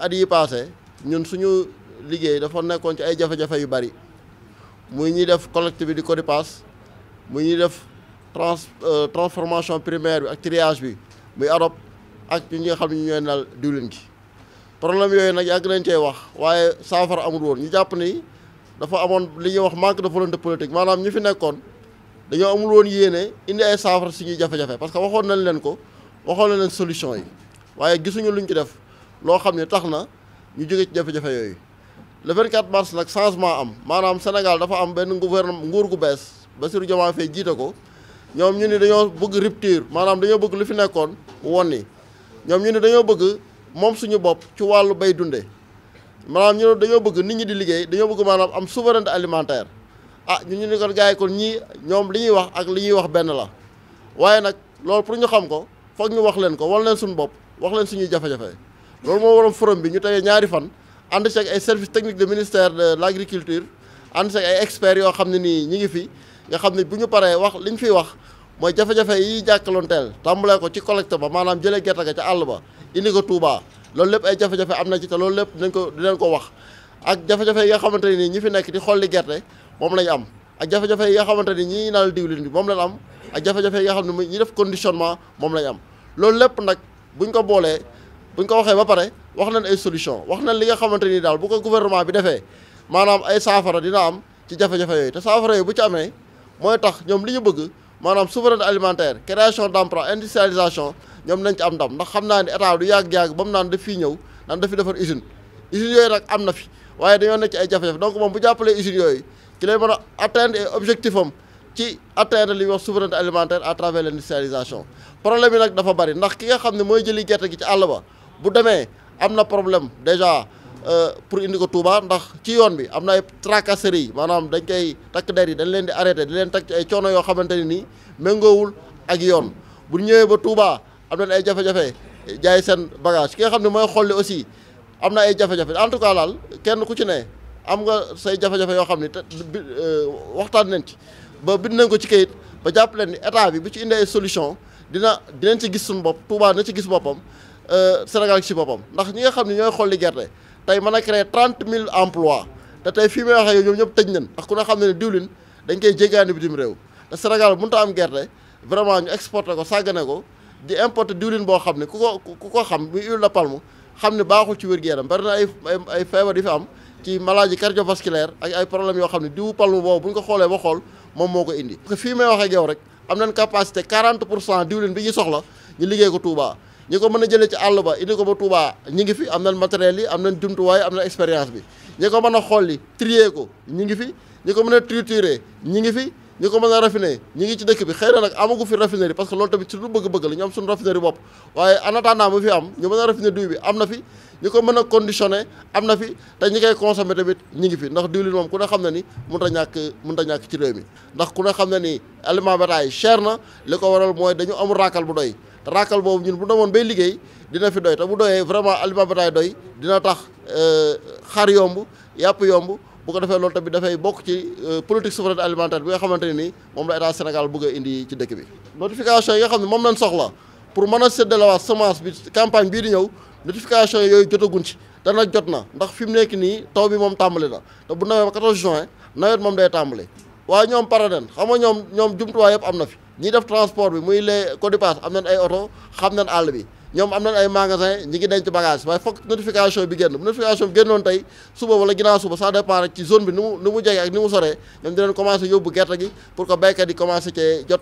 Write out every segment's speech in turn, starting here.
at yi passé ñun suñu liggéey dafa nekkoon ci ay jafe-jafe yu bari muy ñuy def collecte bi di Codipass muy ñuy def trans euh, transformation primaire bi ak triage bi muy arop ak ñi nga xam ne ñooy nal diwlin gi problème yooyu nag yàgg nañ cee wax waaye saafara amul woon ñu jàpp ni dafa amoon li ñuy wax manque de volonté politique maanaam ñu fi nekkoon dañoo amul woon yéene indi ay saafara suñuy jafe-jafe parce que waxoon nañ leen ko waxoon nañ leen solution yi waaye gisuñu luñ ci def. loo xam ne tax na ñu jóge ci jafe-jafe yooyu le 24 mars nag changement am maanaam Sénégal dafa am benn gouvernement nguur gu bees ba Diomaye Faye jiite ko ñoom ñu ni dañoo bëgg rupture maanaam dañoo bëgg lu fi nekkoon ni ñoom ñu ni dañoo bëgg moom suñu bopp ci wàllu bay dunde maanaam ñu dañoo bëgg nit ñi di liggéey dañoo bëgg maanaam am souveraineté alimentaire ah ñun ñu ne kon gars yi kon ñii ñoom li ñuy wax ak li ñuy wax benn la waaye nag loolu pour ñu xam ko foog ñu wax leen ko wal suñu bopp wax leen suñuy jafe loolu moo waroon forum bi ñu teye ñaari fan ànd ci ay services techniques de ministère l' agriculture ànd ci ak yoo xam ne nii ñi ngi fi nga xam ne bu ñu paree wax li ñu fiy wax mooy jafe-jafe yi jàkkaloonteel tàmbalee ko ci collecte ba maanaam jëlee gerte ga ca àll ba indi ko Touba loolu lépp ay jafe-jafe am na ci te loolu lépp dinañ ko dinañ ko wax ak jafe-jafe yi nga xamante ne nii ñi fi nekk di xolli gerte moom lañ am ak jafe-jafe yi nga xamante ni ñi nal diwlin bi moom lañ am ak jafe-jafe yi nga xam ne ñi def conditionnement moom lañ am loolu lépp nag buñ ko boolee bu ñu ko waxee ba pare wax nañ ay solution wax nañ li nga xamante ni daal bu ko gouvernement bi defee maanaam ay saafara dina am ci jafe-jafe yooyu te saafara yooyu bu ci amee mooy tax ñoom li ñu bëgg maanaam souveraineté alimentaire création d'emploi industrialisation ñoom nañ ci am ndam ndax xam naa ni état du yàgg-yàgg ba mu naan daf fii ñëw naan dafi defar usine usines yooyu nag am na fi waaye dañoo nekk ci ay jafe-jafe donc moom bu jàppale usines yooyu ci lay a atteindre objectif am ci atteindre li wax souveraineté alimentaire à travers l'industrialisation problème yi nag dafa bari ndax ki nga xam ne mooy jëli gerte gi ci àll bu demee am na problème déjà euh, pour indi ko Touba ndax ci yoon bi am na ay tracasseries maanaam dañ koy takk der yi dañ leen di arrêté di leen takk ci ay coono yoo xamante ne nii méngoowul ak yoon bu ñëwee ba Touba am na ay jafe-jafe jaay seen bagage ki xam ne mooy xolli aussi am na ay jafe en tout cas daal kenn ku ci ne am nga say jafe-jafe yoo xam ne te euh, waxtaan nañ ci ba bind nañ ko ci kayit ba jàpp leen ni état bi bu ci indee ay solution dina dinañ si gis suñ bopp Touba na ci gis boppam. Euh, Sénégal ci boppam ndax ñi nga xam ne ñooy xolli gerte tey mën a créer trente mille emplois te tey fii may waxee yow ñoom ñëpp tëj nañ ndax ku ne xam ne ne diwlin dañ koy jéggaani bitim réew te Sénégal mënut am gerte vraiment ñu exporté ko sàggane ko di importe diwlin boo xam ne ku ko ku ko xam muy huile de palme xam ne baaxul ci wér-gu-yaram bari na ay ay feebar yi fi am ci maladie cardiovasculaire ak ay problèmes yoo xam ne diwu palme boobu bu ñu ko xoolee ba xool moom moo ko indi fii waxee yow rek am nañ capacité 40 pour cent diwlin bi ñuy soxla ñu liggéey ko Touba ñi ko mën a jëlee ci àll ba indi ko ba Touba ñi ngi fi am nañ matériel yi am nañ jumtuwaay am nañ expérience bi ñi ko mën a xool xolli trier ko ñi ngi fi ñi ko mën a triturer ñi ngi fi ñi ko mën a raffiner ñi ngi ci dëkk bi xëy na nag amagu fi raffinerie parce que loolu tamit suñu bëgg-bëgg la ñu am suñu raffinerie bopp waaye en fi am ñu mën a raffiner duy bi am na fi ñi ko mën a conditionné am na fi te ñi koy consommé tamit ñi ngi fi ndax diwlin moom ku ne xam ne ni mun a ñàkk mun a ñàkk ci réew mi ndax ku ne xam ne ni aliment bétail cher na li ko waral mooy dañu amul raakal bu doy raakal boobu ñun bu demoon bay liggéey dina fi doy te bu doyee vraiment aliment bétail doy dina tax euh, xar yomb yàpp yomb bu ko defee loolu tamit dafay bokk ci euh, politique souveraineté alimentaire bi nga xamante ne ni moom la état Sénégal a indi ci dëkk bi notification yi nga xam ne moom lañ soxla pour mën a séddalewaat semence bi campagne bii di ñëw notification yooyu jotaguñ ci dana jot na ndax fi mu nekk nii taw bi moom tàmbali na te bu nawee ba 14 juin moom day tàmbali waaye ñoom paraden xam nga ñoom ñoom jumtuwaay yëpp am na fi ñiy def transport bi muy les Codipass am nañ ay oto xam nañ àll bi ñoom am nañ ay magasin ñi ngi denc bagage waaye foog notification bi génn bu notification bi génnoon tey suba wala ginnaaw suba ça dépend ci zone bi ni mu ni mu jege ak ni mu soree ñoom dinañ commencé yóbbu gerte gi pour que béykat yi commencé cee jot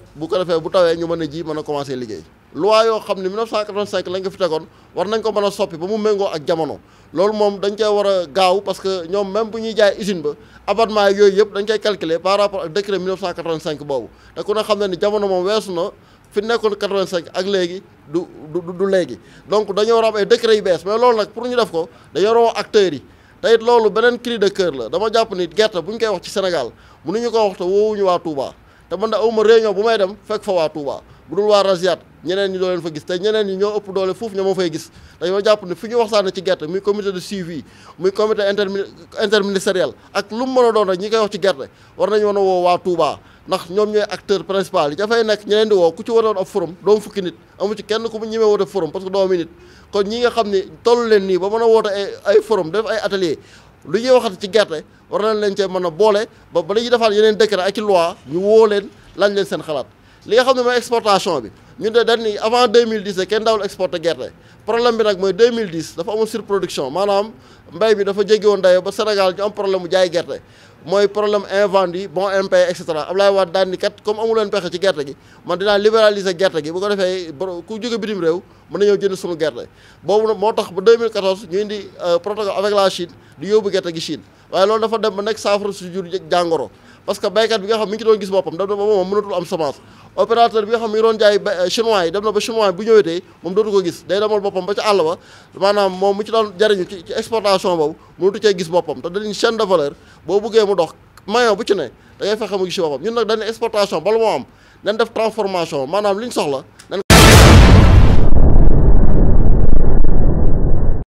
tawee ñu mën a ji mën commencé liggéey loi yoo xam ni ne 1985 lañ ko fi tegoon war nañ ko mën a soppi ba mu méngoo ak jamono loolu moom dañ cee war a gaaw parce que ñoom même bu ñuy jaay usine ba abattement yooyu yëpp dañ koy calculer par rapport ak décret 1985 boobu te ku ne xam ne ni jamono moom weesu na fi nekkoon 85 ak léegi du du du léegi donc dañoo war a am ay décret yu bees mais loolu nag pour ñu def ko dañoo war a wax yi te it loolu beneen cri de cœur la dama jàpp ni gerte bu ñu koy wax ci Sénégal mënuñu ko wax te woowuñu waa Touba te man de awma réunion bu may dem fekk fa waa bu dul waa Rasiat ñeneen ñi doo leen fa gis te ñeneen ñi ñoo ëpp doole foofu ñoo ma fay gis dañoo jàpp ne fi ñu waxtaanee ci gerte muy comité de suivi muy comité intermi interministériel ak lu mu mën a doon rek ñi koy wax ci gerte war nañu mën a woo waa Touba ndax ñoom ñooy acteur nekk ñeneen di woo ku ci waroon ab forum doomu fukki nit amu ci kenn ku mu ñemee woote forum parce que doomu nit leen nii ba mën a woote lu ñuy waxati ci gerte war nañ leen cee mën a boole ba ba la ñuy defaat yeneen décret ak ci ñu woo leen laaj leen seen xalaat li nga xam ne mooy exportation bi ñu de dañ ni avant 2010 kenn daawul exporté gerte problème bi nag mooy 2010 dafa amoon surproduction maanaam mbéy bi dafa jéggi woon dayoo ba Sénégal ñu am problème mu jaay gerte mooy problème invendu bon impayé et cetera Abdoulaye Wade daan ni kat comme amu leen pexe ci gerte gi man dinaa libéraliser gerte gi bu ko defee ku jóge bitim réew mën na jënd suñu gerte boobu moo tax ba 2014 ñu euh, gerte gi Chine waaye loolu dafa dem ba nekk saafara su jàngoro. parce que baykat bi nga xam mi ngi doon gis boppam dem na ba moom mënatul am semence opérateur bi nga xam mi ngi doon jaay eh, chinois yi dem na ba chinois yi bu ñëwee tey moom dootu ko gis day demal boppam ba ca àll ba maanaam moom mu ci doon jariñu ci exportation boobu mënatu mu dox maillon bu ci ne da ngay mu gis boppam ñun nag dañu exportation bala moo am dañ def transformation maanaam li soxla